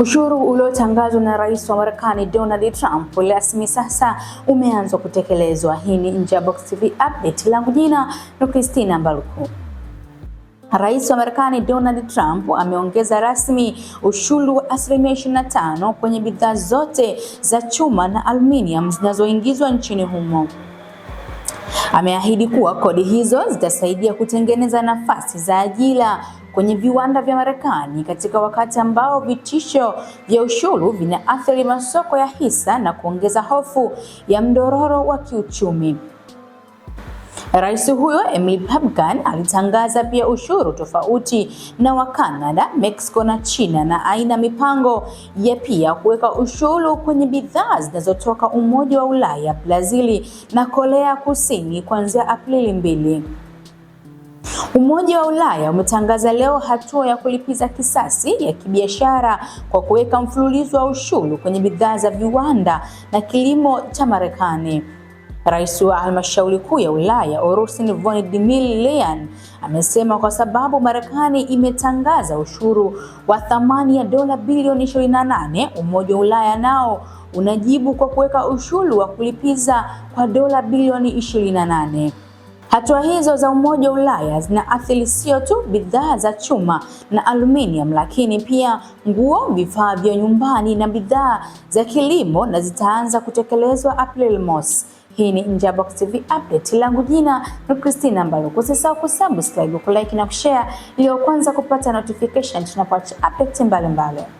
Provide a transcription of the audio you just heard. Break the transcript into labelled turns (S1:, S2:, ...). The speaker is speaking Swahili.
S1: Ushuru uliotangazwa na rais wa Marekani Donald Trump rasmi sasa umeanza kutekelezwa. Hii ni Nje ya Box TV update, langu jina ni Christina Mbaruku. Rais wa Marekani Donald Trump ameongeza rasmi ushuru wa asilimia 25 kwenye bidhaa zote za chuma na aluminium zinazoingizwa nchini humo. Ameahidi kuwa kodi hizo zitasaidia kutengeneza nafasi za ajira kwenye viwanda vya Marekani katika wakati ambao vitisho vya ushuru vinaathiri masoko ya hisa na kuongeza hofu ya mdororo wa kiuchumi. Rais huyo Republican alitangaza pia ushuru tofauti na wa Canada, Mexico na China na aina mipango ya pia kuweka ushuru kwenye bidhaa zinazotoka Umoja wa Ulaya, Brazili na Korea Kusini kuanzia Aprili mbili. Umoja wa Ulaya umetangaza leo hatua ya kulipiza kisasi ya kibiashara kwa kuweka mfululizo wa ushuru kwenye bidhaa za viwanda na kilimo cha Marekani. Rais wa halmashauri kuu ya Ulaya Ursin von der Leyen amesema kwa sababu Marekani imetangaza ushuru wa thamani ya dola bilioni 28, Umoja wa Ulaya nao unajibu kwa kuweka ushuru wa kulipiza kwa dola bilioni 28. Hatua hizo za Umoja wa Ulaya zinaathiri sio tu bidhaa za chuma na aluminium, lakini pia nguo, vifaa vya nyumbani na bidhaa za kilimo, na zitaanza kutekelezwa Aprili mosi. Hii ni Nje ya Box TV update, langu jina ni Christina Mbalo. Usisahau kusubscribe, kulike na kushare ili kwanza kupata notification tunapoacha update mbalimbali.